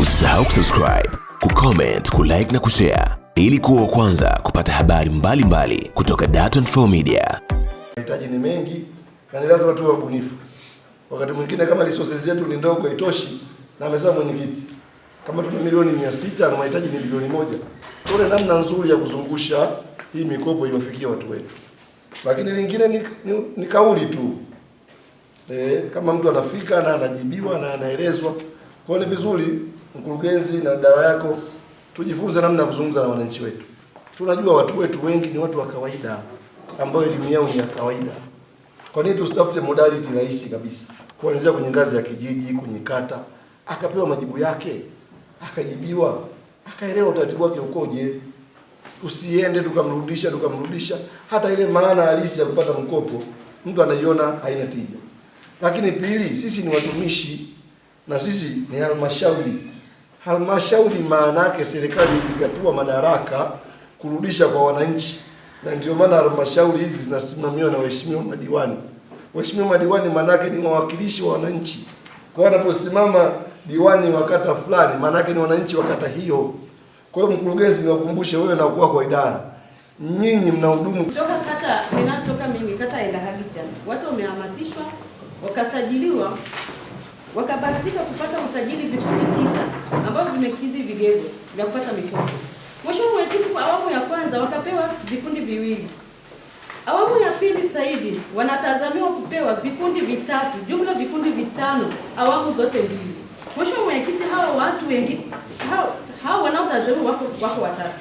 Usisahau kusubscribe, kucomment, kulike na kushare ili kuwa kwanza kupata habari mbalimbali mbali kutoka Dar24 Media. Mahitaji ni mengi na ni lazima tuwe wabunifu. Wakati mwingine kama resources zetu ni ndogo haitoshi, na amesema mwenyekiti kama tuna milioni 600 na mahitaji ni bilioni moja, tuone namna nzuri ya kuzungusha hii mikopo iwafikie watu wetu. Lakini lingine ni, ni, ni kauli tu e, kama mtu anafika na anajibiwa na anaelezwa, kwa ni vizuri mkurugenzi na dawa yako, tujifunze namna ya kuzungumza na wananchi wetu. Tunajua watu wetu wengi ni watu wa kawaida ambao elimu yao ni ya kawaida. Kwa nini tusitafute modality rahisi kabisa, kuanzia kwenye ngazi ya kijiji, kwenye kata, akapewa majibu yake, akajibiwa, akaelewa utaratibu wake ukoje. Tusiende tukamrudisha tukamrudisha, hata ile maana halisi ya kupata mkopo mtu anaiona haina tija. Lakini pili, sisi ni watumishi na sisi ni halmashauri halmashauri maana yake serikali iligatua madaraka kurudisha kwa wananchi, na ndio maana halmashauri hizi zinasimamiwa na waheshimiwa madiwani. Waheshimiwa madiwani maana yake ni wawakilishi wa wananchi, kwa wanaposimama diwani wa kata fulani, maana yake ni wananchi wa kata hiyo. Kwa hiyo, mkurugenzi, niwakumbushe wewe na ukuu kwa idara, nyinyi mnahudumu kutoka kata inatoka mimi, kata ya Ndahabija, watu wamehamasishwa wakasajiliwa wakabahatika kupata usajili vikundi tisa ambavyo vimekidhi vigezo vya kupata mikopo. Mheshimiwa Mwenyekiti, kwa awamu ya kwanza wakapewa vikundi viwili, awamu ya pili sasa hivi wanatazamiwa kupewa vikundi vitatu, jumla vikundi vitano, awamu zote mbili. Mheshimiwa Mwenyekiti, hawa watu wengi hao hao wanaotazamiwa wako, wako watatu,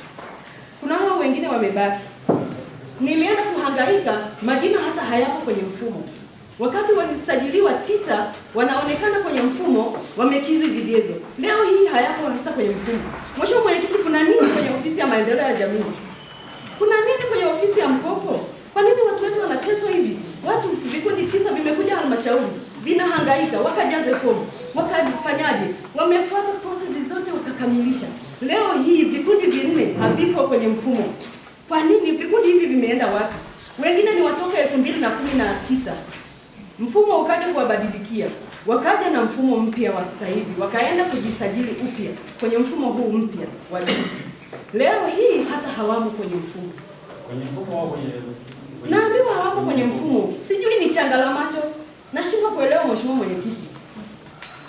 kuna hao wengine wamebaki. Nilienda kuhangaika, majina hata hayapo kwenye mfumo. Wakati walisajiliwa tisa wanaonekana kwenye mfumo wamekizi vigezo, leo hii hayapo, hata kwenye mfumo. Mheshimiwa Mwenyekiti, kuna nini kwenye ofisi ya maendeleo ya jamii? Kuna nini kwenye ofisi ya mkopo? Kwa nini watu wetu wanateswa hivi? Watu vikundi tisa vimekuja halmashauri vinahangaika, wakajaze fomu, wakafanyaje, wamefuata process zote wakakamilisha. Leo hii vikundi vinne havipo kwenye mfumo. Kwa nini? Vikundi hivi vimeenda wapi? Wengine ni watoka elfu mbili na kumi na tisa mfumo ukaja kuwabadilikia, wakaja na mfumo mpya wa sasa hivi, wakaenda kujisajili upya kwenye mfumo huu mpya wa juzi. Leo hii hata hawamo kwenye mfumo, naambiwa hawapo kwenye mfumo, sijui ni changalamacho, nashindwa kuelewa. Mheshimiwa Mwenyekiti,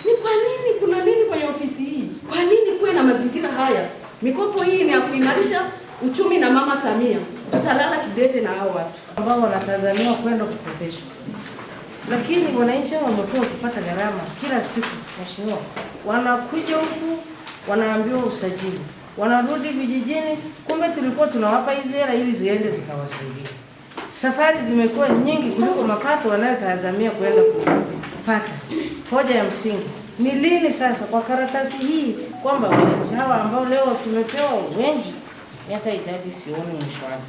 ni kwa nini? Kuna nini kwenye ofisi hii? Kwa nini kuwe na mazingira haya? Mikopo hii ni ya kuimarisha uchumi na Mama Samia tutalala kidete na hao watu ambao wanatazamiwa kwenda kukopeshwa lakini wananchi hao wamekuwa wakipata gharama kila siku, mheshimiwa. Wanakuja huku wanaambiwa usajili, wanarudi vijijini, kumbe tulikuwa tunawapa hizi hela ili ziende zikawasaidia. Safari zimekuwa nyingi kuliko mapato wanayotazamia kuenda kupata. Hoja ya msingi ni lini sasa kwa karatasi hii kwamba wananchi hawa ambao leo tumepewa wengi, hata idadi sioni mshwani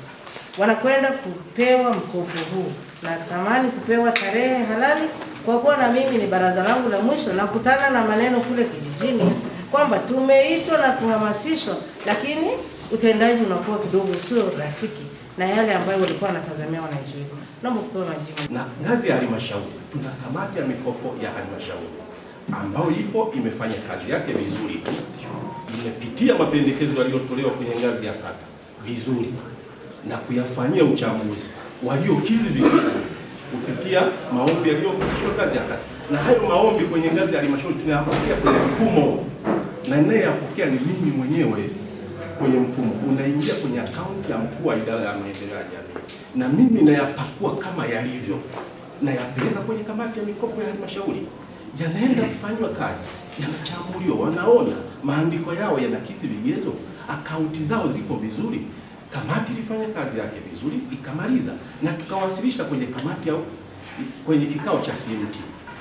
wanakwenda kupewa mkopo huu, natamani kupewa tarehe halali, kwa kuwa na mimi ni baraza langu la mwisho. Nakutana na maneno kule kijijini kwamba tumeitwa na kuhamasishwa, lakini utendaji unakuwa kidogo sio rafiki na yale ambayo walikuwa wanatazamia wananchi wetu. Naomba kupewa majibu. Na ngazi ya halmashauri, tuna kamati ya mikopo ya halmashauri ambayo ipo imefanya kazi yake vizuri imepitia mapendekezo yaliyotolewa kwenye ngazi ya kata vizuri na kuyafanyia uchambuzi waliokizi vigezo kupitia maombi yaliyopitishwa ngazi ya kata, na hayo maombi kwenye ngazi ya halmashauri tunayapokea kwenye mfumo, na ninayeyapokea ni mimi mwenyewe kwenye mfumo, unaingia kwenye akaunti ya mkuu wa idara ya maendeleo ya jamii, na mimi nayapakua kama yalivyo, nayapeleka kwenye kamati ya mikopo ya halmashauri, yanaenda kufanywa kazi, yanachambuliwa, wanaona maandiko yao yanakidhi vigezo, akaunti zao ziko vizuri kamati ilifanya kazi yake vizuri ikamaliza, na tukawasilisha kwenye kamati au kwenye kikao cha CMT.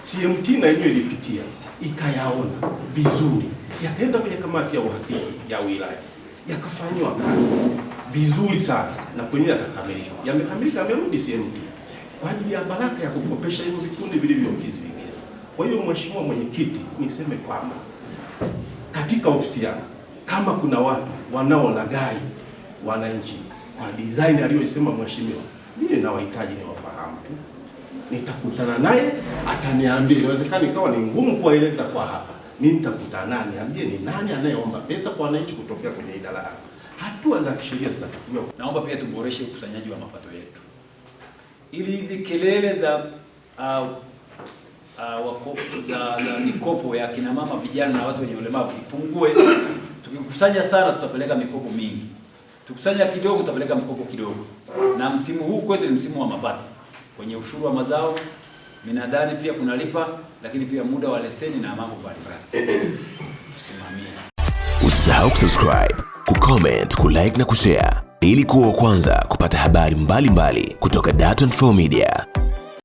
CMT na yenyewe ilipitia ikayaona vizuri, yakaenda kwenye kamati ya uhakiki ya wilaya, yakafanywa kazi vizuri sana na kwenye yakakamilishwa, yamekamilika, yamerudi CMT kwa ajili ya baraka ya kukopesha hivyo vikundi vilivyokizi vingine. Kwa hiyo, Mheshimiwa Mwenyekiti, niseme kwamba katika ofisi yangu kama kuna watu wanaolagai wananchi kwa design aliyosema mheshimiwa, mimi nawahitaji niwafahamu tu, nitakutana naye ataniambia. Inawezekana ikawa ni ngumu kuwaeleza kwa hapa, mimi nitakutana naye niambie ni nani anayeomba pesa kwa wananchi kutokea kwenye idara yako. Hatua za kisheria zitachukuliwa. Naomba pia tuboreshe ukusanyaji wa mapato yetu ili hizi kelele za uh, uh, za mikopo ya kina mama, vijana na watu wenye ulemavu ipungue. Tukikusanya sana tutapeleka mikopo mingi tukusanya kidogo, tutapeleka mkopo kidogo, na msimu huu kwetu ni msimu wa mapato kwenye ushuru wa mazao, minadani pia kunalipa, lakini pia muda wa leseni na mambo mbalimbali. Tusimamie. Usisahau kusubscribe, kucomment, kulike na kushare ili kuwa wa kwanza kupata habari mbalimbali mbali kutoka Dar24 Media.